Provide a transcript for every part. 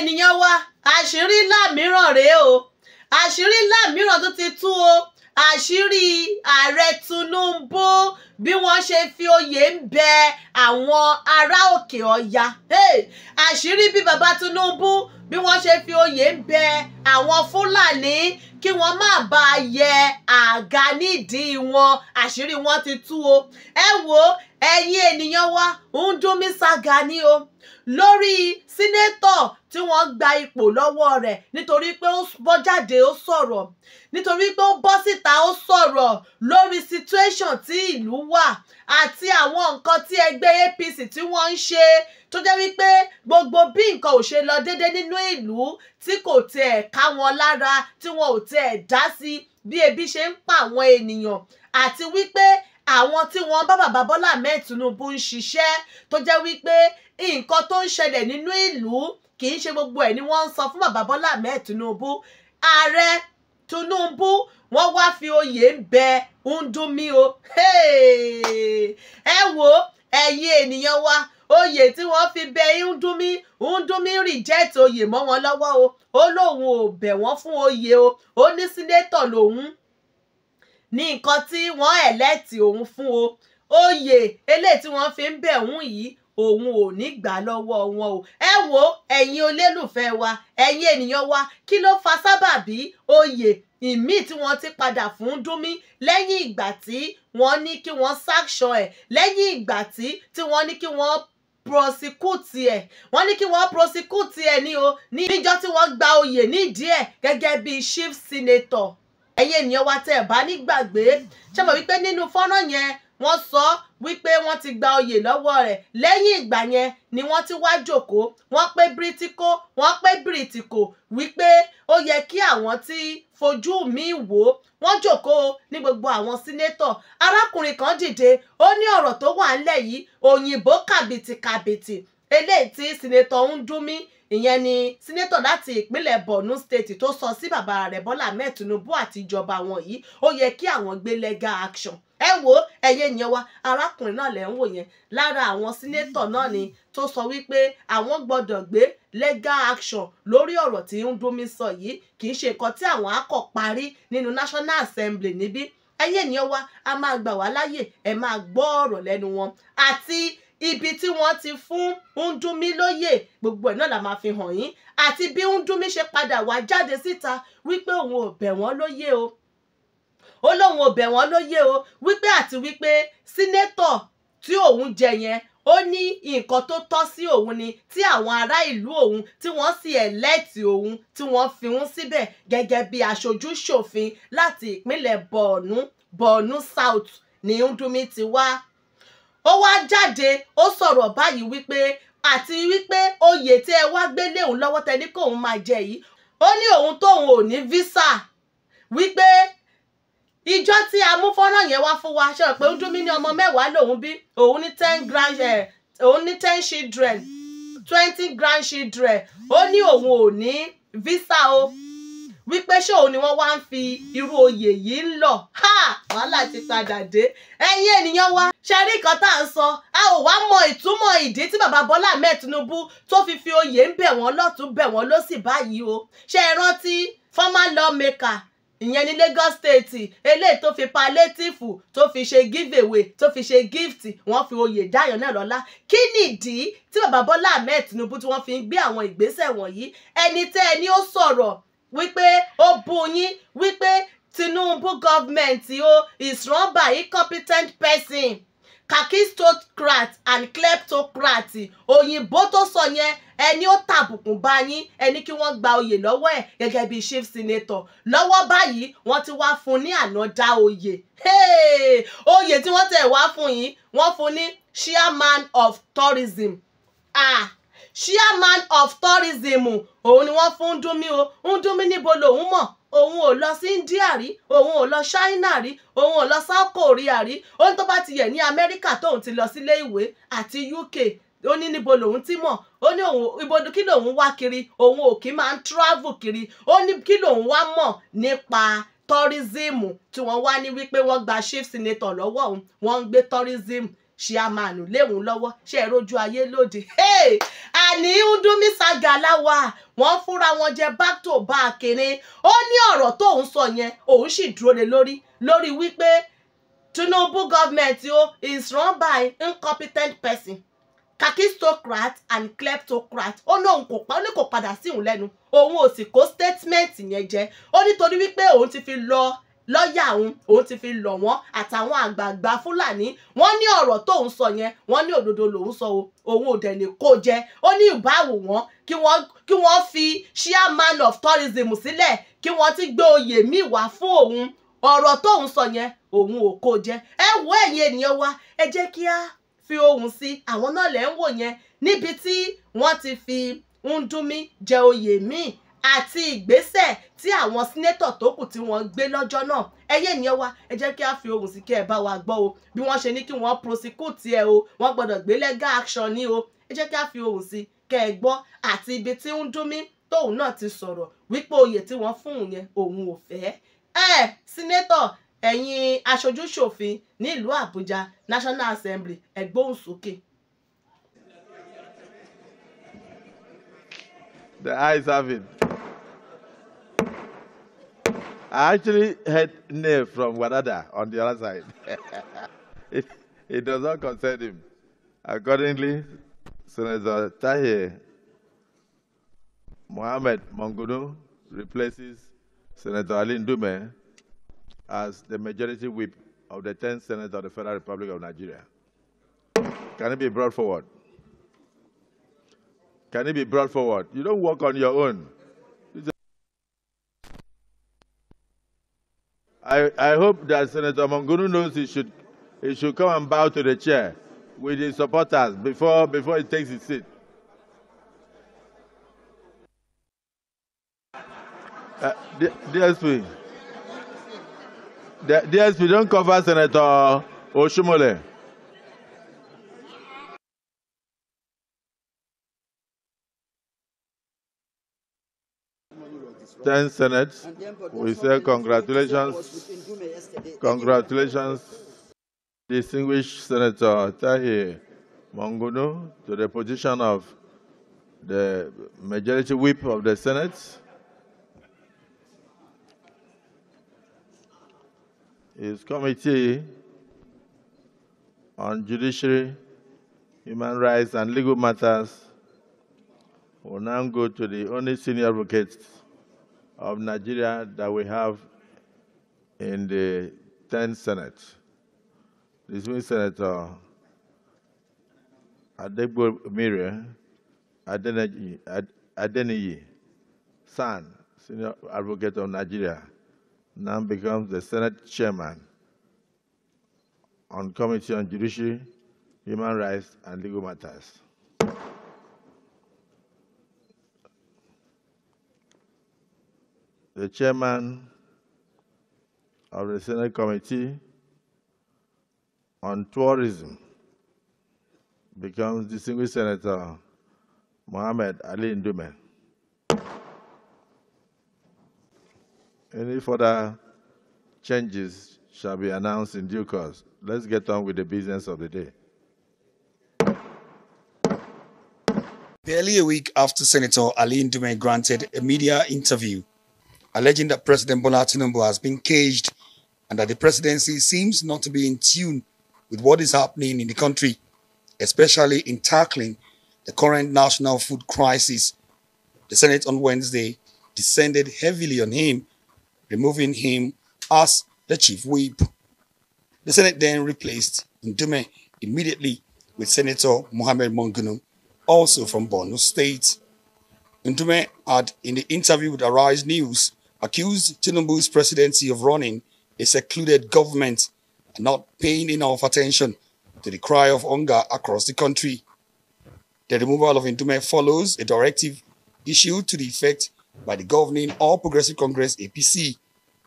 ènìyàn wa àṣírí ńlá mìíràn rèé o àṣírí ńlá mìíràn tó ti tú o àṣírí ààrẹ Tinubu bí wọ́n ṣe fi oyè ń bẹ àwọn ará òkè ọya àṣírí bí baba Tinubu bí wọ́n ṣe fi oyè ń bẹ àwọn Fúlàní kí wọ́n má bàa yẹ àga nídìí wọn àṣírí wọn ti tú o ẹ wo ẹ̀yin ènìyàn wa ń dún mí ságà ni o lórí sínétọ̀ tí wọ́n gba ipò lọ́wọ́ rẹ̀ nítorí pé ó bọ́ jáde ó sọ̀rọ̀ nítorí pé ó bọ́ síta ó sọ̀rọ̀ lórí situation tí ìlú wà àti àwọn nǹkan tí ẹgbẹ́ APC tí wọ́n ń ṣe tó jẹ́ wípé gbogbo bí nǹkan ò ṣe lọ déédé nínú ìlú tí kò tiẹ̀ ká wọn lára tí wọn ò tiẹ̀ dá sí bí ebi ṣe ń pa àwọn ènìyàn àti wípé àwọn tí wọ́n bá bàbá Bọ́lá Ahmed Tinubu ń ṣiṣẹ́ tó jẹ́ wípé nǹkan tó ń ṣẹlẹ̀ nínú ìlú kì í ṣe gbogbo ẹ̀ ni wọ́n ń sọ fún bàbá Bọ́lá Ahmed Tinubu ààrẹ Tinubu wọ́n wá fi oyè ń bẹ ń dún mí o ẹ wo ẹ̀yin ènìyàn wa oyè tí wọ́n fi bẹ ndúmí ndúmí rìjẹ́ẹ̀tì oyè mọ́ wọn lọ́wọ́ o ó lóun ò bẹ̀ wọ́n fún oyè o ó ní sínétọ̀ lòun ní nǹkan tí wọ́n ẹ̀lẹ́tì òun fún o oyè eléyìí tí wọ́n fi ń bẹ̀ òun yìí òun ò ní gbà lọ́wọ́ wọn o ẹ wo ẹ̀yin olólùfẹ́ wa ẹ̀yin ènìyàn wa kí ló fa sábàbí oyè ìmí tí wọ́n ti padà fún dúnmí lẹ́yìn ìgbà tí wọ́n ní kí wọ́n sanction ẹ̀ lẹ́yìn ìgbà tí tí wọ́n ní kí wọ́n prosecute ẹ̀ wọ́n ní kí wọ́n prosecute ẹ̀ ní o níjọ́ tí wọ́n gba oyè nídìí ẹ̀ gẹ́gẹ́ bíi chief senator ẹ̀yin ènìyàn wa tẹ́ ẹ̀ bá nígbàgbé ṣé mo wí pé nínú fọ́nrán yẹn wọ́n sọ wípé wọ́n ti gba oyè lọ́wọ́ rẹ̀ lẹ́yìn ìgbà yẹn ni wọ́n ti wá jòkóó wọ́n pé bírítíkó wọ́n pé bírítíkò wípé ó yẹ kí àwọn ti fojú mi wò ó wọ́n jòkóó ní gbogbo àwọn sínétọ̀ arákùnrin kan dìde ó ní ọ̀rọ̀ tó wà ńlẹ̀ yìí òyìnbó kàbìtìkàbìtì eléyìí tí sínétọ̀ ń dún mí ìyẹn ni sínétọ̀ láti ìpínlẹ̀ Borno state tó sọ sí bàbá rẹ̀ Bọ́lá Ahmed Tinubu àti ìjọba wọn yìí ó yẹ kí àwọn gbé legal action ẹ wo ẹyẹ yẹn wa arákùnrin náà lẹ ń wò yẹn lára àwọn sínétọ̀ náà ni tó sọ wípé àwọn gbọ́dọ̀ gbé legal action lórí ọ̀rọ̀ tí ń dúnmí sọ yìí kì í ṣe nǹkan tí àwọn akọ parí nínú National Assembly níbí ẹyẹ ènìyàn wa a máa gbà wá láyè ẹ máa gbọ́ ọ̀rọ̀ lẹ́nu wọn àti ibi tí wọ́n ti fún Ndúmí lóyè gbogbo ẹ̀ náà la máa fi hàn yín àti bí Ndúmí ṣe padà wá jáde síta wípé òun ò bẹ̀ wọ́n lóyè o ó lóun ò bẹ̀ wọ́n lóyè o wípé àti wípé sínétọ̀ tí òun jẹ yẹn ó ní nǹkan tó tọ́ sí òun ni tí àwọn ará ìlú òun tí wọ́n sì ẹ̀lẹ́ẹ̀tì òun tí wọ́n fi ń síbẹ̀ gẹ́gẹ́ bí aṣojú ṣòfin láti ìpínlẹ̀ Borno Borno South ni Ndumi ti wá. ó wá jáde ó sọ̀rọ̀ báyìí wípé àti wípé oyè tí ẹ wá gbé léun lọ́wọ́ tẹ́ni kóun máa jẹ yìí ó ní òun tóun ò ní visa wípé ìjọ tí a mú fọ́nrán yẹn wá fún wa ṣe rò pé ó dún mí ní ọmọ mẹ́wàá lòun bí òun ní ten grand eh, òun ní ten children twenty grandchildren ó ní òun ò ní visa o wípé ṣé òun ni wọ́n wá ń fi irú oyè yìí ń lọ wàhálà ti padà dé ẹ̀yin ènìyàn wa ṣe rí nǹkan tá à ń sọ a ò wá mọ ìtumọ̀ ìdí tí bàbá Bọ́lá Ahmed Tinubu tó fi fi oyè ń bẹ̀ wọ́n lọ́tún bẹ̀ wọ́n lọ́sì báyìí o ṣe é rántí former lawmaker ìyẹn ní Lagos State eléyìí tó fi palliative tó fi ṣe giveaway tó fi ṣe gift wọ́n fi oyè dáyọ̀ náà lọ́lá kí nìdí tí bàbá Bọ́lá Ahmed Tinubu tí wọ́n fi ń gbé àwọn ìgbésẹ̀ wọ̀nyí ẹni tẹ́ ẹni ó sọ̀rọ̀ wípé ó bú yín wípé Tinubu gọ́ọ̀mẹ̀ntì o is run by incompetent person kakistocrat and kleptocrat òyìnbó tó sọ yẹn ẹni ó tàbùkù bá yín ẹni kí wọ́n gba oyè lọ́wọ́ ẹ̀ gẹ́gẹ́ bí chief senator lọ́wọ́ báyìí wọ́n ti wá fún ní ànádá oyè oyè tí wọ́n tẹ̀ wá fún yìí wọ́n fún ní chairman of tourism ah chairman of tourism òun ni wọ́n fún Ndúmí o Ndúmí níbo lòun mọ̀ òun ò lọ sí India rí òun ò lọ China rí òun ò lọ South Korea rí òun tó bá ti yẹ ní Amẹ́ríkà tóun ti lọ sílé ìwé àti UK ó ní níbo lòun ti mọ̀ ó ní òun ibo kí lòun wá kiri òun ò kí máa ń travel kiri ó ní kí lòun wá mọ̀ nípa tourism tí wọ́n wá ní wípé wọ́n gba chief senator lọ́wọ́ òun wọ́n ń gbé tourism ṣe a máa nù léwùn lọ́wọ́ ṣe é rojú ayé lóde àní ń dún mí ságàláwà wọ́n fúnra wọn jẹ back to back ni ó ní ọ̀rọ̀ tóun sọ yẹn òun sì dúró lé lórí lórí wípé Tinubu government o is run by incompetent person kakistocrat and kleptocrat ó lóun kò pa ó ní kò padà sí òun lẹ́nu òun ò sì kó statement yẹn jẹ ó nítorí wípé òun ti fi lọ lọ́ọ̀yà òun òun ti fi lọ̀ wọ́n àtàwọn àgbààgbà fúlàní wọ́n ní ọ̀rọ̀ tóun sọ yẹn wọ́n ní òdodo lòun sọ o òun ò dẹ̀ lè kó jẹ ó ní ìbáwò wọn kí wọ́n kí wọ́n fi of tourism sílẹ̀ kí wọ́n ti gbé oyè míì wá fún òun ọ̀rọ̀ tóun sọ yẹn òun ò kó jẹ ẹ wo ẹ̀yin ènìyàn wa ẹ jẹ́ kí á fi ohùn sí àwọn náà lẹ́ ń wò yẹn níbi tí wọ́n ti fi ń dún mí jẹ oyè míì àti ìgbésẹ̀ tí àwọn sínétọ̀ tó kù tí wọ́n gbé lọ́jọ́ náà ẹyẹ ènìyàn wa ẹ jẹ́ kí a fi ohùn sí kí ẹ bá wa gbọ́ o bí wọ́n ṣe ní kí wọ́n prosecute ẹ o wọ́n gbọ́dọ̀ gbé legal action ní o ẹ jẹ́ kí a fi ohùn sí kẹ́ ẹ gbọ́ àti ibi tí ń dún mí tóun náà ti sọ̀rọ̀ wípé oyè tí wọ́n fún un yẹn òun ò fẹ́ ẹ sínétọ̀ ẹ̀yin aṣojúṣòfin nílùú Àbújá National Assembly ẹ gbóhùn sókè. The eyes have it. I actually heard Neil from Wadada on the other side. it, it does not concern him. Accordingly, Senator Tahir Mohamed Mongunu replaces Senator Alin Ndume as the majority whip of the 10th Senate of the Federal Republic of Nigeria. Can it be brought forward? Can it be brought forward? You don't work on your own. I, I hope that Senator Mangunu knows he should, he should come and bow to the chair with his supporters before, before he takes his seat. Uh, DSP. DSP, don't cover Senator Oshumole. 10 senates. We say congratulations, congratulations, distinguished Senator Tahi Mangunu, to the position of the majority whip of the Senate. His committee on judiciary, human rights, and legal matters will now go to the only senior advocate of Nigeria that we have in the 10th Senate. This means Senator Adegbomire Adeniyi, son, senior advocate of Nigeria, now becomes the Senate chairman on Committee on Judiciary, Human Rights, and Legal Matters. the chairman of the Senate Committee on Tourism becomes Distinguished Senator Mohamed Ali Ndume. Any further changes shall be announced in due course. Let's get on with the business of the day. Barely a week after Senator Ali Ndume granted a media interview alleging that President Bola Tinubu has been caged and that the presidency seems not to be in tune with what is happening in the country, especially in tackling the current national food crisis. The Senate on Wednesday descended heavily on him, removing him as the chief whip. The Senate then replaced Ndume immediately with Senator Mohamed Mongunu, also from Borno State. Ndume had, in the interview with Arise News, accused Tinubu's presidency of running a secluded government and not paying enough attention to the cry of hunger across the country. The removal of Indume follows a directive issued to the effect by the governing All Progressive Congress APC,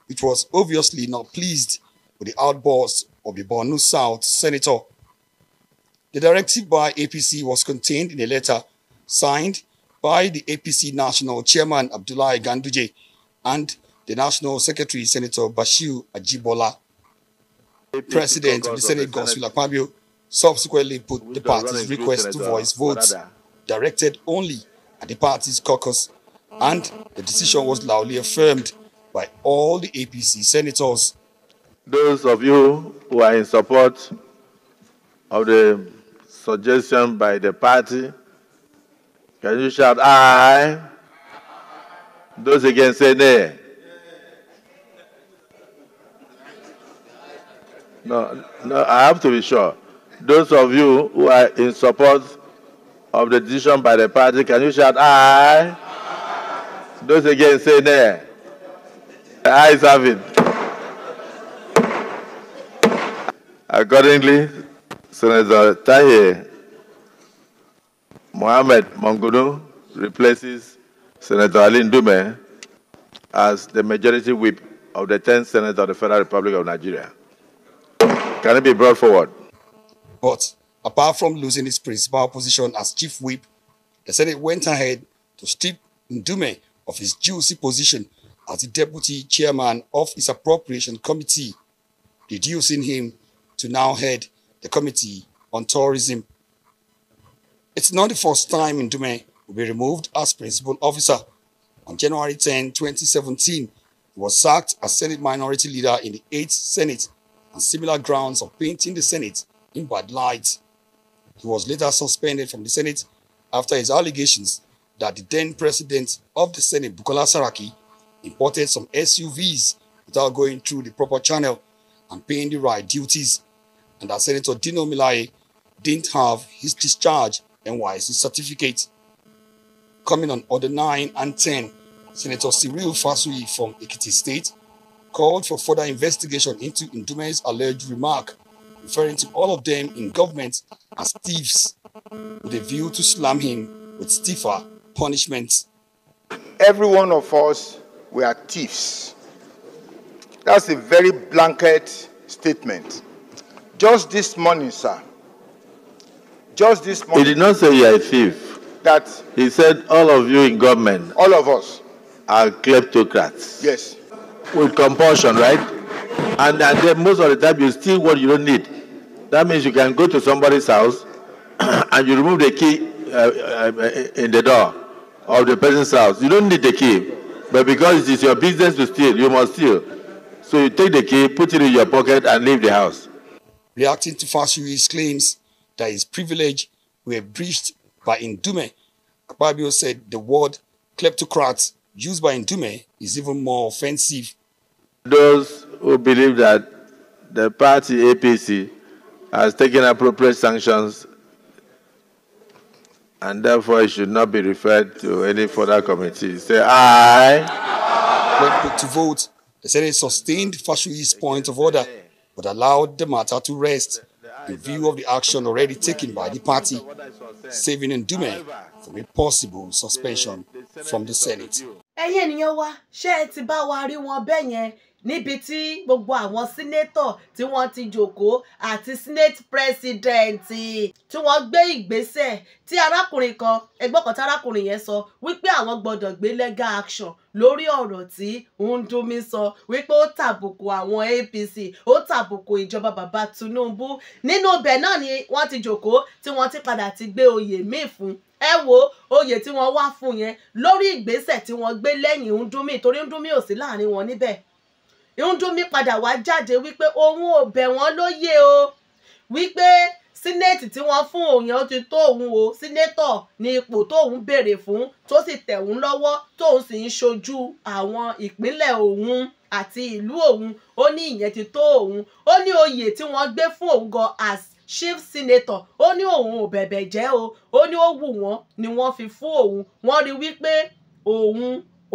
which was obviously not pleased with the outburst of the Borno South senator. The directive by APC was contained in a letter signed by the APC national chairman Abdullah Ganduje and the National Secretary, Senator Bashir Ajibola, President of the Senate, Godswill Akpabio, subsequently put the party's request to voice votes directed only at the party's caucus, and the decision was loudly affirmed by all the APC senators. Those of you who are in support of the suggestion by the party, can you shout aye? Those against say nay. No, no, I have to be sure. Those of you who are in support of the decision by the party, can you shout aye? Those against say nay. The ayes have it. Accordingly, Senator Tahir Mohamed Mongunu replaces Senator Aline Dume, as the majority whip of the 10th Senate of the Federal Republic of Nigeria. Can it be brought forward? But apart from losing its principal position as chief whip, the Senate went ahead to strip Ndume of his juicy position as the deputy chairman of its appropriation committee, reducing him to now head the committee on tourism. It's not the first time Ndume be removed as principal officer. On January 10, 2017, he was sacked as Senate Minority Leader in the 8th Senate on similar grounds of painting the Senate in bad light. He was later suspended from the Senate after his allegations that the then president of the Senate, Bukola Saraki, imported some SUVs without going through the proper channel and paying the right duties, and that Senator Dino Milaye didn't have his discharge NYC certificate. Coming on Order 9 and 10, Senator Cyril Fasui from Ekiti State called for further investigation into Indume's alleged remark, referring to all of them in government as thieves, with a view to slam him with stiffer punishments. Every one of us, we are thieves. That's a very blanket statement. Just this morning, sir. Just this morning. He did not say you are a thief that he said all of you in government all of us are kleptocrats yes with compulsion right and, and then most of the time you steal what you don't need that means you can go to somebody's house and you remove the key uh, uh, in the door of the person's house you don't need the key but because it is your business to steal you must steal so you take the key put it in your pocket and leave the house reacting to Fasui's claims that his privilege were breached by Indume. Babio said the word kleptocrat used by Indume is even more offensive. Those who believe that the party APC has taken appropriate sanctions and therefore it should not be referred to any further committee. Say aye. When put to vote, they said they sustained Fashui's point of order but allowed the matter to rest. in view of the action already taken by the party, saving Ndume from a possible suspension from the Senate. ẹ̀yin ènìyàn wa ṣé ẹ ti bá wa rí wọn bẹ́ẹ̀ yẹn níbi tí gbogbo àwọn sínétọ̀ tí wọ́n ti jókòó àti senate president tí wọ́n gbé ìgbésẹ̀ tí arákùnrin kan ẹgbọ́n kan tí arákùnrin yẹn sọ wípé àwọn gbọ́dọ̀ gbé legal action lórí ọ̀rọ̀ tí Ndumi sọ wípé ó tàbùkù àwọn APC ó tàbùkù ìjọba bàbá Tinubu nínú ibẹ̀ náà ni wọ́n ti jókòó tí wọ́n ti padà ti gbé oyè míì fún ẹ eh wo oyè tí wọ́n wá fún yẹn lórí ìgbésẹ̀ tí wọ́n gbé lẹ́yìn Ndumi torí Ndumi ò sí láàrin wọn níbẹ̀ Ndúmí padà wá jáde wípé òun ò bẹ̀ wọ́n lóyè o wípé sínéètì tí wọ́n fún òun yẹn ó ti tó òun o sínétọ̀ ní ipò tóun béèrè fún tó sì tẹ̀ òun lọ́wọ́ tóun sì ń ṣojú àwọn ìpínlẹ̀ òun àti ìlú òun ó ní ìyẹn ti tó òun ó ní oyè tí wọ́n gbé fún òun gan as chief senator ó ní òun ò bẹ̀bẹ̀ jẹ́ o ó ní ó wù wọ́n ni wọ́n fi fún òun wọ́n rí wípé òun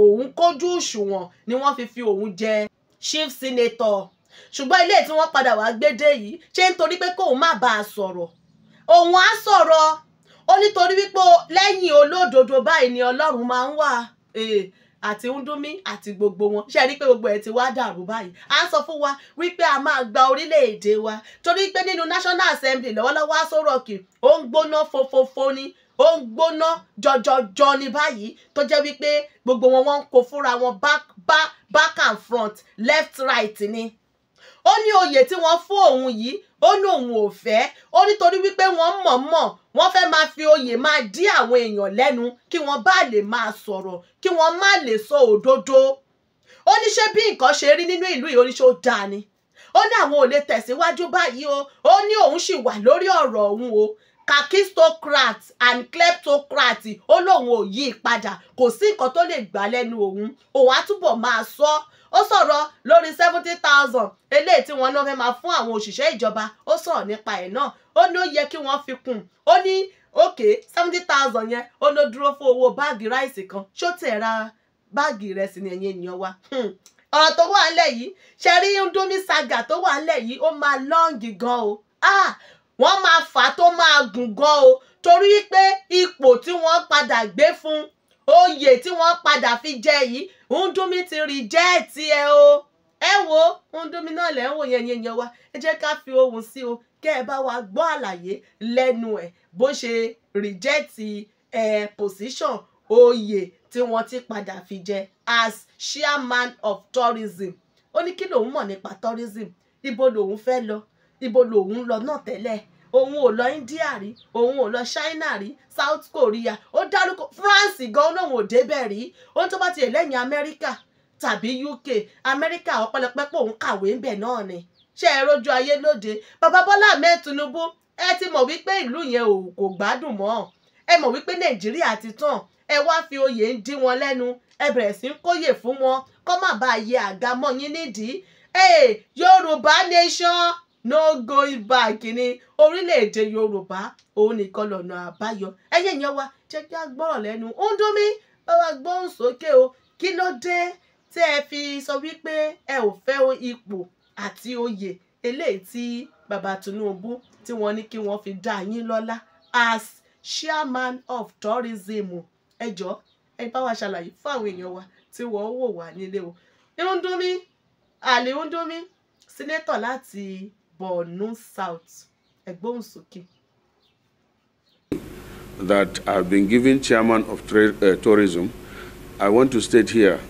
òun kójú òṣùwọ̀n ni wọ́n fi fi òun jẹ chief senator ṣùgbọ́n ilé tí wọ́n padà wá gbédè yìí ṣé nítorí pé kóun má bàa sọ̀rọ̀ òun á sọ̀rọ̀ ó nítorí wípé lẹ́yìn olódodo báyìí ni ọlọ́run máa ń wà àti ndúmí àti gbogbo wọn ṣe rí i pé gbogbo ẹ̀ ti wá dàrú báyìí à ń sọ fún wa wípé a máa gba orílẹ̀-èdè wa torí pé nínú national assembly lọ́wọ́lọ́wọ́ aṣọ rọ̀kì ó ń gbóná fofofo ni ó ń gbóná jọjọjọ ní báyìí tó jẹ́ wípé gbogbo wọn wọ́n ń kó fúnra wọn back bá back and front left right ni ó ní oyè tí wọ́n fún òun yìí ó ní òun ò fẹ́ ó nítorí wípé wọ́n mọ̀ọ́mọ̀ wọ́n fẹ́ máa fi oyè máa dí àwọn èèyàn lẹ́nu kí wọ́n bá lè máa sọ̀rọ̀ kí wọ́n má lè sọ òdodo ó ní ṣé bí nǹkan ṣe rí nínú ìlú yìí ó ní ṣé ó dáa ni ó ní àwọn ò lè tẹ̀síwájú báyìí o ó ní òun ṣì wà lórí ọ̀rọ̀ òun o kakistocrat and kleptocrat ó lóun ò yí padà kò sí nǹkan tó lè gbà lẹ́nu òun òun á túbọ̀ máa sọ ó sọ̀rọ̀ lórí seventy thousand eléyìí tí wọ́n náà fẹ́ máa fún àwọn òṣìṣẹ́ ìjọba ó sọ̀rọ̀ nípa ẹ̀ náà ó ní ó yẹ kí wọ́n fi kún ó ní òkè seventy thousand yẹn ó ló dúró fún owó báàgì ráìsì kan ṣó tẹ̀ ra báàgì ìrẹsì ni ẹ̀yin ènìyàn wa hmm. ọ̀rọ̀ tó wà ńlẹ̀ yìí ṣe rí ndomi saga tó wà ńlẹ̀ yìí ó máa lọ́ǹgì gan o ah wọ́n máa fà á tó máa gùn gan o torí pé ipò tí wọ́n padà gbé fún oyè tí wọ́n padà fi jẹ yìí Ndúmí ti rìjẹ́ẹ̀tì ẹ o ẹ wo Ndúmí náà lẹ́ ń wò yẹn yẹn wa ẹ jẹ́ ká fi ohùn sí o kẹ́ ẹ bá wa gbọ́ àlàyé lẹ́nu ẹ̀ bó ṣe rìjẹ́ẹ̀tì ẹ̀ position oyè tí wọ́n ti padà fi jẹ as chairman of tourism ó ní kí lòun mọ̀ nípa tourism ibo lòun fẹ́ lọ ibo lòun lọ náà tẹ́lẹ̀ òun ò lọ India rí òun ò lọ China rí South Korea ó dárúkọ France gan lòun ò débẹ̀ rí ohun tó bá ti lẹ́yìn America, tàbí UK America ọ̀pọ̀lọpọ̀ pé òun kàwé ńbẹ̀ náà ni ṣe é rojú ayé lóde bàbá Bọ́lá Ahmed Tinubu ẹ ti mọ̀ wípé ìlú yẹn ò kò gbádùn mọ́ ẹ mọ̀ wípé Nàìjíríà ti tàn ẹ wá fi oyè ń dí wọn lẹ́nu ẹ bẹ̀rẹ̀ sí ń kóyè fún wọn kọ́ má bàa yẹ àga mọ́ yín nídìí Yorùbá nation no going back ní orílẹ̀-èdè yorùbá òun nìkan lọ́nà àbáyọ ẹyẹ yẹn wa jẹ́ kí a gbọ́rọ̀ lẹ́nu ó ń dún mí báwa gbóhùn sókè o kí ló dé tẹ́ ẹ fi sọ wípé ẹ ò fẹ́ ipò àti oyè eléyìí tí bàbá tinubu tí wọ́n ní kí wọ́n fi dá yín lọ́lá as chairman of tourism ẹ jọ̀ọ́ ẹ bá wa ṣàlàyé fún àwọn èèyàn wa tí wọ́n wò wá nílé o irun dún mí àlè ń dún mí sínétọ̀ láti Borno South. That I've been given chairman of uh, tourism, I want to state here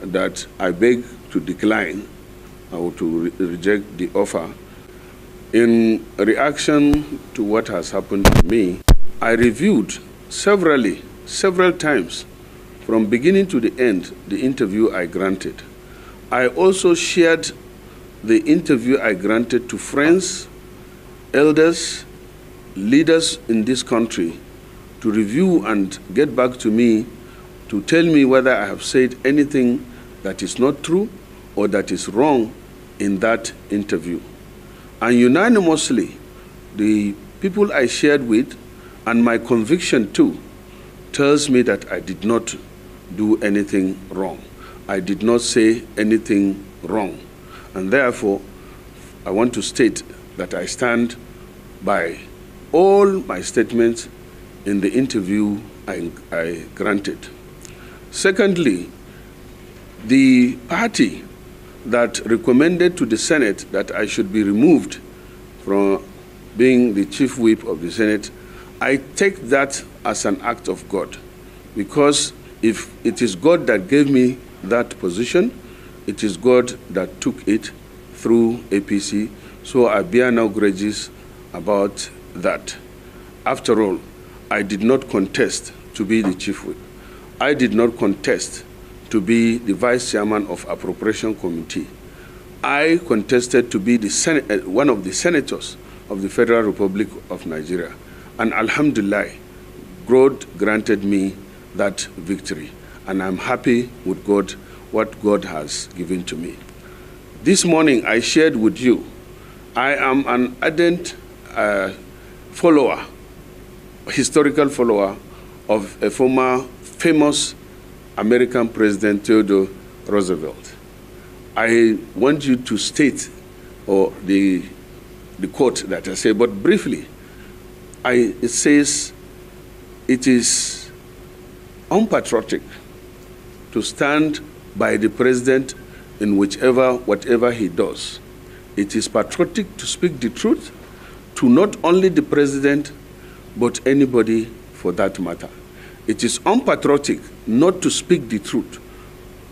that I beg to decline or to re reject the offer. In reaction to what has happened to me, I reviewed severally, several times, from beginning to the end, the interview I granted. I also shared the interview I granted to friends, elders, leaders in this country to review and get back to me to tell me whether I have said anything that is not true or that is wrong in that interview. And unanimously, the people I shared with and my conviction too tells me that I did not do anything wrong. I did not say anything wrong. And therefore, I want to state that I stand by all my statements in the interview I, I granted. Secondly, the party that recommended to the Senate that I should be removed from being the chief whip of the Senate, I take that as an act of God. Because if it is God that gave me that position, it is God that took it through APC, so I bear no grudges about that. After all, I did not contest to be the chief whip. I did not contest to be the vice chairman of appropriation committee. I contested to be the eh, one of the senators of the Federal Republic of Nigeria. And alhamdulillah, God granted me that victory. And I'm happy with God what God has given to me. This morning I shared with you, I am an ardent uh, follower, historical follower of a former famous American President Theodore Roosevelt. I want you to state or the, the quote that I say, but briefly, I, it says, it is unpatriotic to stand by the president in whichever, whatever he does. It is patriotic to speak the truth to not only the president, but anybody for that matter. It is unpatriotic not to speak the truth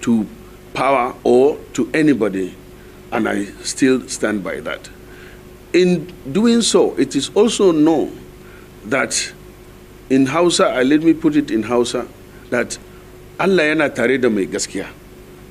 to power or to anybody, and I still stand by that. In doing so, it is also known that in Hausa, let me put it in Hausa, that Allah yana tare da mai gaskiya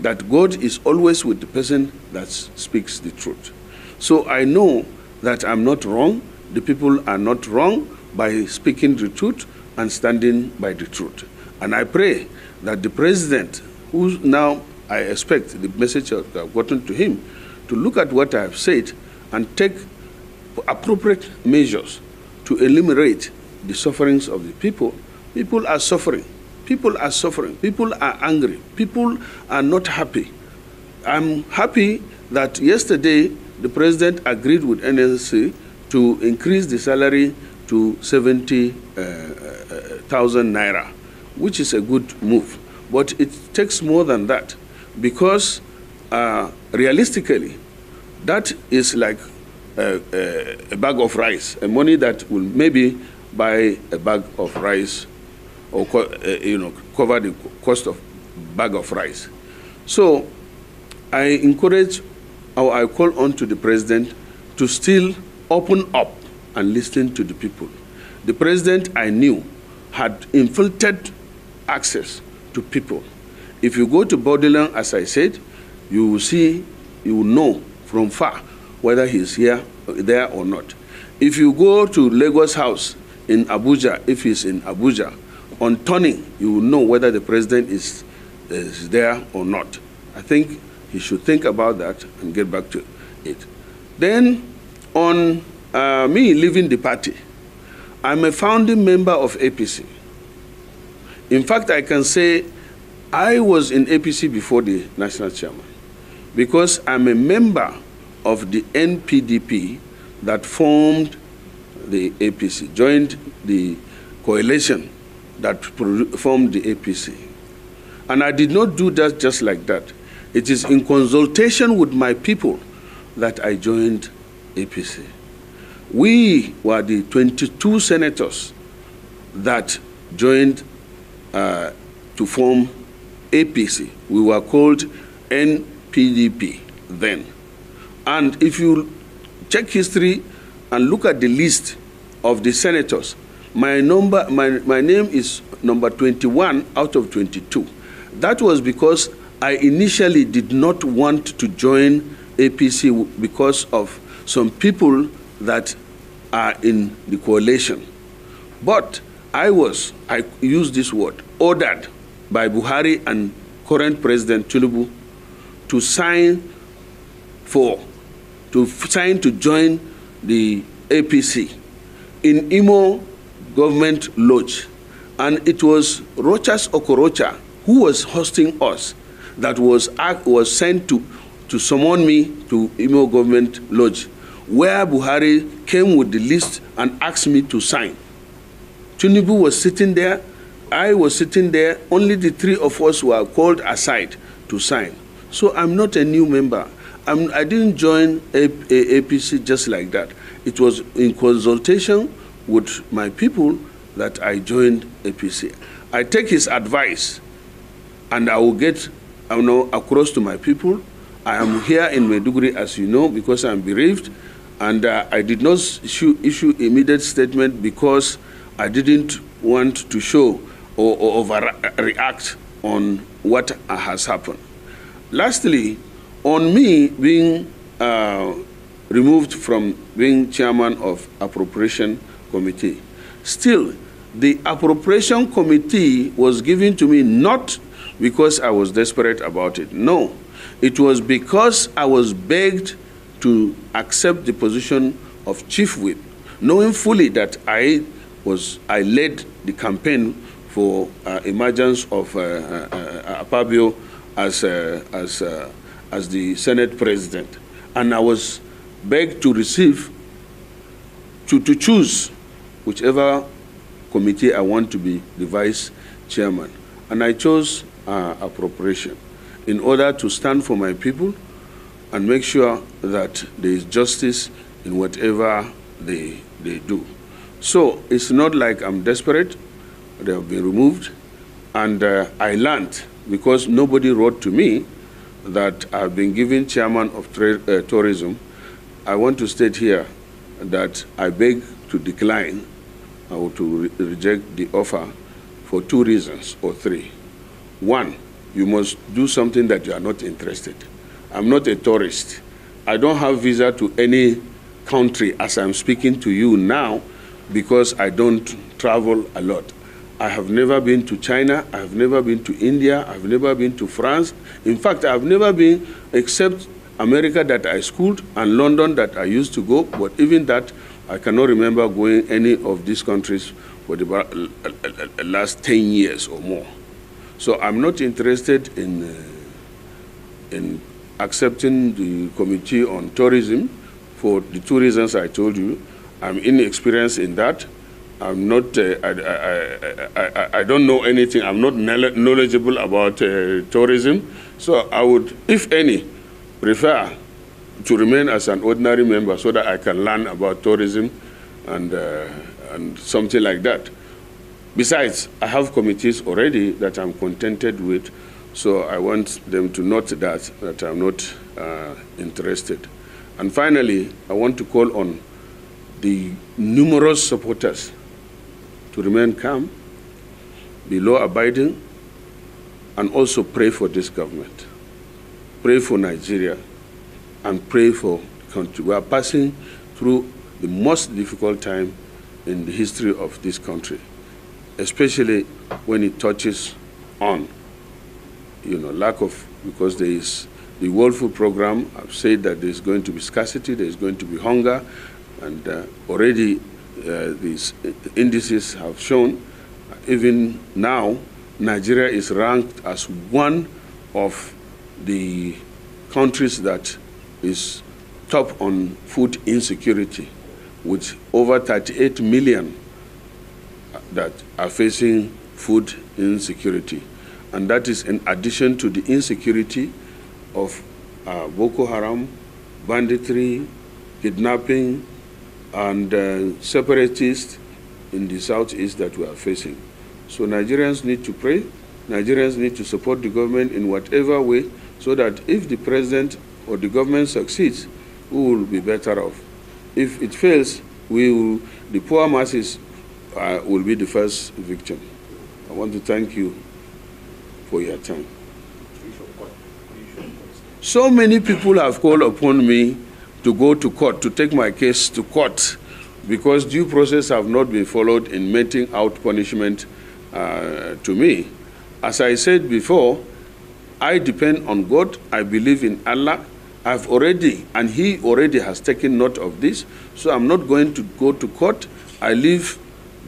that God is always with the person that speaks the truth. So I know that I'm not wrong, the people are not wrong by speaking the truth and standing by the truth. And I pray that the president, who now I expect the message I've gotten to him, to look at what I've said and take appropriate measures to eliminate the sufferings of the people. People are suffering. People are suffering. People are angry. People are not happy. I'm happy that yesterday the president agreed with NLC to increase the salary to 70,000 uh, uh naira, which is a good move. But it takes more than that because uh, realistically, that is like a, uh, a, uh, a bag of rice, a money that will maybe buy a bag of rice or uh, you know cover the cost of bag of rice. So I encourage or I call on to the president to still open up and listen to the people. The president I knew had infiltrated access to people. If you go to Borderland, as I said, you will see, you will know from far whether he's here, there or not. If you go to Lagos House in Abuja, if he's in Abuja, on turning, you will know whether the president is, is there or not. I think he should think about that and get back to it. Then, on uh, me leaving the party, I'm a founding member of APC. In fact, I can say I was in APC before the national chairman because I'm a member of the NPDP that formed the APC, joined the coalition that formed the APC. And I did not do that just like that. It is in consultation with my people that I joined APC. We were the 22 senators that joined uh, to form APC. We were called NPDP then. And if you check history and look at the list of the senators my number, my, my name is number 21 out of 22. That was because I initially did not want to join APC because of some people that are in the coalition. But I was, I use this word, ordered by Buhari and current President Tinubu to sign for, to sign to join the APC. In Imo, government lodge. And it was Rochas Okorocha who was hosting us that was, was sent to, to summon me to Imo government lodge, where Buhari came with the list and asked me to sign. Tinubu was sitting there, I was sitting there, only the three of us were called aside to sign. So I'm not a new member. I'm, I did not join APC just like that. It was in consultation with my people that I joined APC. I take his advice and I will get you know, across to my people. I am here in Maiduguri, as you know, because I'm bereaved. And uh, I did not issue, issue immediate statement because I didn't want to show or, or overreact on what has happened. Lastly, on me being uh, removed from being chairman of appropriation, committee. Still, the appropriation committee was given to me not because I was desperate about it. No, it was because I was begged to accept the position of chief whip, knowing fully that I was I led the campaign for uh, emergence of uh, uh, uh Apabio as uh, as uh, as the Senate president, and I was begged to receive to to choose whichever committee I want to be the vice chairman. And I chose uh, appropriation in order to stand for my people and make sure that there is justice in whatever they, they do. So it's not like I'm desperate. They have been removed. And uh, I learned, because nobody wrote to me, that I've been given chairman of uh, tourism. I want to state here that I beg to decline or to re reject the offer for two reasons or three. One, you must do something that you are not interested. I'm not a tourist. I don't have visa to any country as I'm speaking to you now because I don't travel a lot. I have never been to China, I have never been to India, I've never been to France. In fact, I've never been except America that I schooled and London that I used to go, but even that I cannot remember going any of these countries for the last 10 years or more. So I'm not interested in, uh, in accepting the Committee on Tourism for the two reasons I told you. I'm inexperienced in that. I'm not, uh, I, I, I, I, don't know anything. I'm not knowledgeable about uh, tourism. So I would, if any, prefer to remain as an ordinary member so that I can learn about tourism and, uh, and something like that. Besides, I have committees already that I'm contented with, so I want them to note that, that I'm not uh, interested. And finally, I want to call on the numerous supporters to remain calm, be law abiding, and also pray for this government. Pray for Nigeria and pray for the country. We are passing through the most difficult time in the history of this country, especially when it touches on, you know, lack of, because there is the World Food Program. I've said that there's going to be scarcity, there's going to be hunger, and uh, already uh, these indices have shown, even now, Nigeria is ranked as one of the countries that is top on food insecurity with over 38 million that are facing food insecurity. And that is in addition to the insecurity of uh, Boko Haram, banditry, kidnapping, and uh, separatists in the southeast that we are facing. So Nigerians need to pray. Nigerians need to support the government in whatever way so that if the president or the government succeeds, we will be better off. If it fails, we will, the poor masses uh, will be the first victim. I want to thank you for your time. So many people have called upon me to go to court, to take my case to court, because due process have not been followed in meting out punishment uh, to me. As I said before, I depend on God, I believe in Allah, I've already, and he already has taken note of this, so I'm not going to go to court. I leave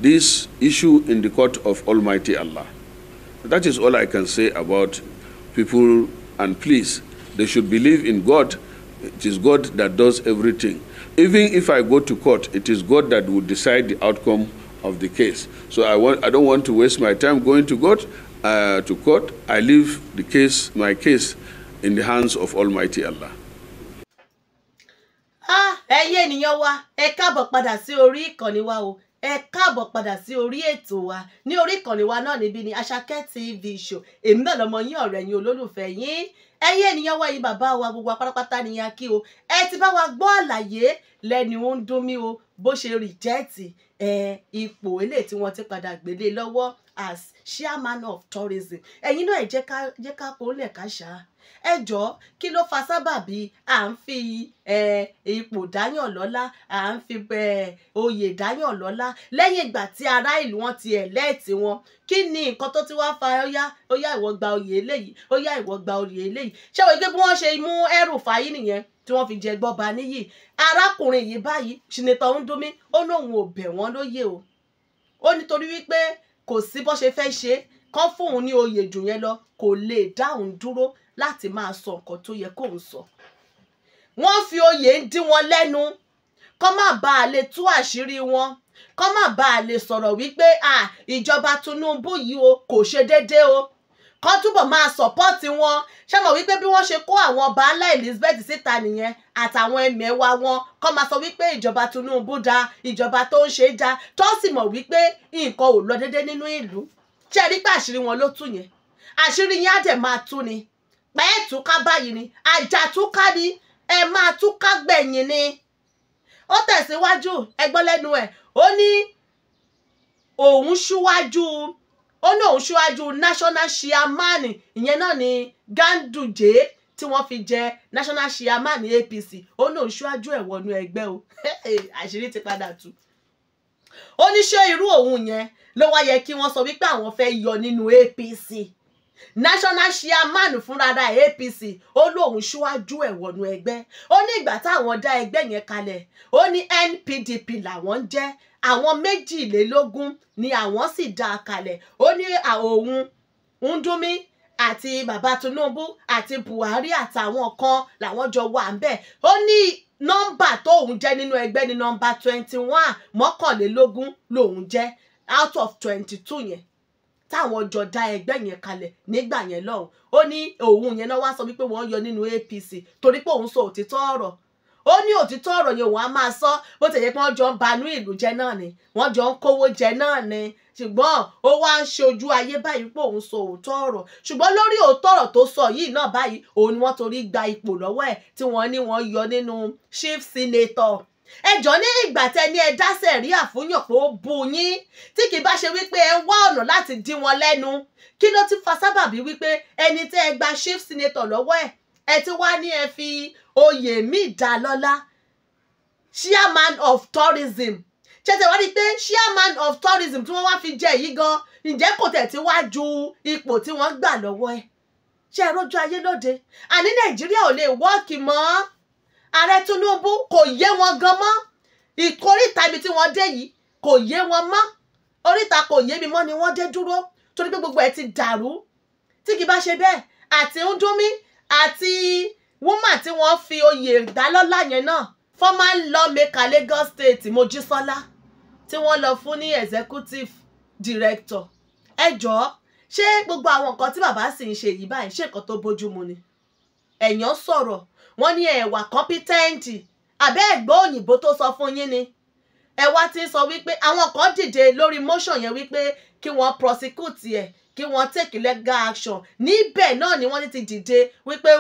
this issue in the court of Almighty Allah. That is all I can say about people, and please, they should believe in God. It is God that does everything. Even if I go to court, it is God that will decide the outcome of the case. So I, want, I don't want to waste my time going to court. Uh, to court, I leave the case, my case, in the hands of Almighty Allah. ẹ̀yin ènìyàn wa ẹ káàbọ̀ padà sí orí ìkànnì wa o ẹ káàbọ̀ padà sí orí ètò wa ní orí ìkànnì wa náà níbí ni Àṣàkẹ́ TV show èmi náà lọmọ yín ọ̀rẹ́ yín olólùfẹ́ yín ẹ̀yin ènìyàn wa yìí bàbá wa gbogbo apátápátá ni kí o ẹ ti bá wa gbọ́ àlàyé lẹ́ni ó ń dún mí o bó ṣe rìjẹ́ẹ̀tì ẹ ipò eléyìí tí wọ́n ti padà gbélé lọ́wọ́ as chairman of tourism ẹ̀yin náà ẹ jẹ́ ká jẹ́ ká kó lẹ̀ ká ṣáá ẹ jọ̀ọ́ kí ló fa sábàbí à ń fi ipò dáyàn lọ́lá à ń fi oyè dáyàn lọ́lá lẹ́yìn ìgbà tí ará ìlú wọn ti ẹ̀lẹ́ẹ̀tì wọn kí ni nǹkan tó ti wá fa ọyá ọyá ìwọ gba oyè eléyìí ọyá ìwọ gba oyè eléyìí ṣé wọ́n gbé bí wọ́n ṣe mú ẹrù fàyí nìyẹn tí wọ́n fi jẹ gbọ́ba níyì arákùnrin yìí báyìí ṣìnìtàn ń dún mí ó lóun ò bẹ̀ wọ́n lóyè o ó nítorí wípé kò sí bó ṣe fẹ́ ṣe kán fóun ní oyè jù yẹn lọ kò lè dáhùn dúró láti máa sọ nǹkan tó yẹ kóun sọ wọ́n fi oyè ń dín wọn lẹ́nu kọ́ má bàa lè tú àṣírí wọn kọ́ má bàa lè sọ̀rọ̀ wípé ìjọba Tinubu yìí o kò ṣe déédéé o kọ́ túbọ̀ máa sọ̀pọ́ọ̀tì wọn ṣé mọ̀ wípé bí wọ́n ṣe kó àwọn ọba alá Elizabeth síta nìyẹn àtàwọn ẹ̀mẹ́wà wọn kọ́ máa sọ wípé ìjọba Tinubu da ìjọba tó ń ṣe da tó sì mọ̀ wípé nǹkan ò lọ déédéé nínú ìlú ṣé ẹ rí pé àṣírí wọn ló tú yẹn àṣírí yẹn á dẹ̀ máa tú ni pẹ́ túká báyìí ni àjà túká ni ẹ máa túká gbẹ̀yìn ni ó tẹ̀síwájú ẹgbọ́n lẹ́nu ẹ̀ ó ní òun ṣíwájú ó ní òun ṣíwájú national chairman ìyẹn náà ni Ganduje tí wọ́n fi jẹ national chairman APC ó ní òun ṣíwájú ẹ̀ wọnú ẹgbẹ́ o àṣírí ti padà tú ó ní ṣé irú òun yẹn ló wá yẹ kí wọ́n sọ wípé àwọn fẹ́ yọ nínú APC national chairman fúnra ra apc ó lóun ṣíwájú ẹ̀ wọnú ẹgbẹ́ ó ní ìgbà táwọn dá ẹgbẹ́ yẹn kalẹ̀ ó ní npdp làwọn ń jẹ́ àwọn méjìlélógún ni àwọn sì dá a kalẹ̀ ó ní òun Ndúmí àti bàbá Tinubu àti Buhari àtàwọn kan làwọn jọ wà ń bẹ̀ ó ní nọ́mbà tóun jẹ́ nínú ẹgbẹ́ ní nọ́mbà twenty one mọ́kànlélógún lòun jẹ́ out of twenty two yẹn táwọn jọ dá ẹgbẹ́ yẹn kalẹ̀ nígbà yẹn lọ́hùn ó ní òun yẹn náà wá sọ wípé wọ́n yọ nínú APC torí pé òun sọ òtítọ́ ọ̀rọ̀ ó ní òtítọ́ ọ̀rọ̀ yẹn òun á máa sọ bó ti yẹ pé wọ́n jọ ń banú ìlú jẹ náà ni wọ́n jọ ń kówó jẹ náà ni ṣùgbọ́n ó wá ń ṣojú ayé báyìí pé òun sọ òótọ́ ọ̀rọ̀ ṣùgbọ́n lórí òótọ́ ọ̀rọ̀ tó sọ yìí náà báyìí òun ni wọ́n torí gba ipò lọ́wọ́ ẹ̀ tí wọ́n ní wọ́n yọ nínú chief senator ẹjọ́ ní ìgbà tẹni ẹ dá sẹ̀ríà fún yàn pé ó bu yín tí kì í bá ṣe wípé ẹ ń wá ọ̀nà láti dí wọn lẹ́nu kí ló ti fa sábàbí wípé ẹni tẹ́ ẹ gba chief senator lọ́wọ́ ẹ̀ ẹ ti wá ní ẹ fi oyè mi dá lọ́lá chairman of tourism ṣẹ̀ṣẹ̀ wá rí i pé chairman of tourism tí wọ́n wá fi jẹ èyí gan ǹjẹ́ kò tẹ̀ tí wá ju ipò tí wọ́n gbà lọ́wọ́ ẹ̀ ṣe é rójú ayé lóde àní nàìjíríà ò lè wọ́ọ̀kì mọ́ ààrẹ Tinubu kò yé wọn gan mọ́ ìkóríta ibi tí wọ́n dé yìí kò yé wọn mọ́ oríta kò yé mi mọ́ ni wọ́n dé dúró torí pé gbogbo ẹ̀ ti dàrú tí kì bá ṣe bẹ́ẹ̀ àti ndúmí àti wúmà tí wọ́n fi oyè dálọ́lá yẹn náà former lawmaker Lagos State Mojísọ́lá tí wọ́n lọ fún ní executive director ẹ jọ̀ọ́ ṣé gbogbo àwọn nǹkan tí bàbá sì ń ṣe yìí báyìí ṣé nǹkan tó bójú mu ni ẹ̀yàn sọ̀rọ̀ wọ́n ní ẹ̀wà kọ́mpítẹ́ǹtì àbẹ́ ẹ̀gbọ́n òyìnbó tó sọ fún yín ni ẹ̀wà ti sọ wípé àwọn kan dìde lórí motion yẹn wípé kí wọ́n prosecute ẹ̀ kí wọ́n take legal action níbẹ̀ náà ni wọ́n ti dìde wípé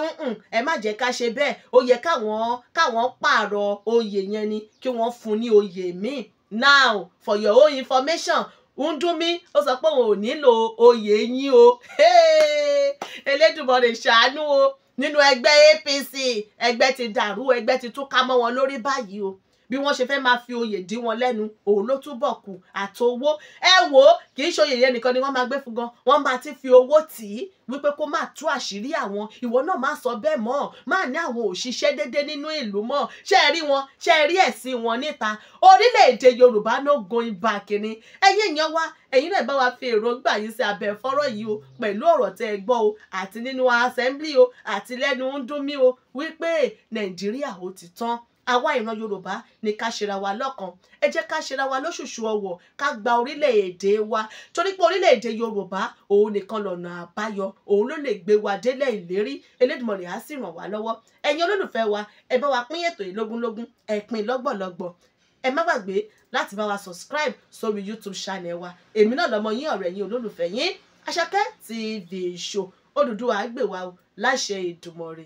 ẹ má jẹ́ ká ṣe bẹ́ẹ̀ ó yẹ káwọn káwọn pààrọ̀ oyè yẹn ni kí wọ́n fún ní oyè míì now for your own information ń dún mí ó sọ pé òun ò nílò oyè yín o elédùnmọ̀ rẹ̀ ṣàánú o nínú ẹgbẹ́ APC ẹgbẹ́ ti dàrú ẹgbẹ́ ti tún ká mọ́ wọn lórí báyìí o bí wọ́n ṣe fẹ́ máa fi oyè dí wọn lẹ́nu òun ló túbọ̀ kù àtowó ẹ wò ó kì í ṣoyè yẹn nìkan ni wọ́n máa gbé fún gan wọ́n máa ti fi owó tì í wípé kó máa tú àṣírí àwọn ìwọ náà máa sọ bẹ́ẹ̀ mọ́ máa ní àwọn òṣìṣẹ́ déédé nínú ìlú mọ́ ṣé ẹ rí wọn ṣé ẹ rí ẹ̀sìn wọn níta orílẹ̀-èdè Yorùbá ló going back ni ẹ̀yin èèyàn wa ẹ̀yin náà bá wa fi èròǹgbà yín sí abẹ́ fọ́rọ̀ yìí o pẹ̀lú ọ̀rọ̀ tẹ́ ẹ gbọ́ o àti nínú assembly o àti lẹ́nu ń dún mí o wípé Nàìjíríà ó ti tán àwa ìran yorùbá ni ká ṣera wa lọ́kan ẹ jẹ́ ká ṣera wa lóṣùṣù ọwọ̀ ká gba orílẹ̀-èdè wa torí pé orílẹ̀-èdè yorùbá òun nìkan lọ̀nà àbáyọ òun ló lè gbé wa délẹ̀ ìlérí elédìmọ̀lẹ̀ á sì ràn wá lọ́wọ́ ẹ̀yin olólùfẹ́ wa ẹ bá wa pín ètò yìí lógúnlógún ẹ pín lọ́gbọ̀lọ́gbọ̀ ẹ má gbàgbé láti bá wa subscribe sórí youtube channel wa èmi náà lọmọ yín ọ̀rẹ́ yín olólùfẹ́ yín Àṣàkẹ́ TV show Odùduwà gbè wá o láṣẹ Èdùmàrè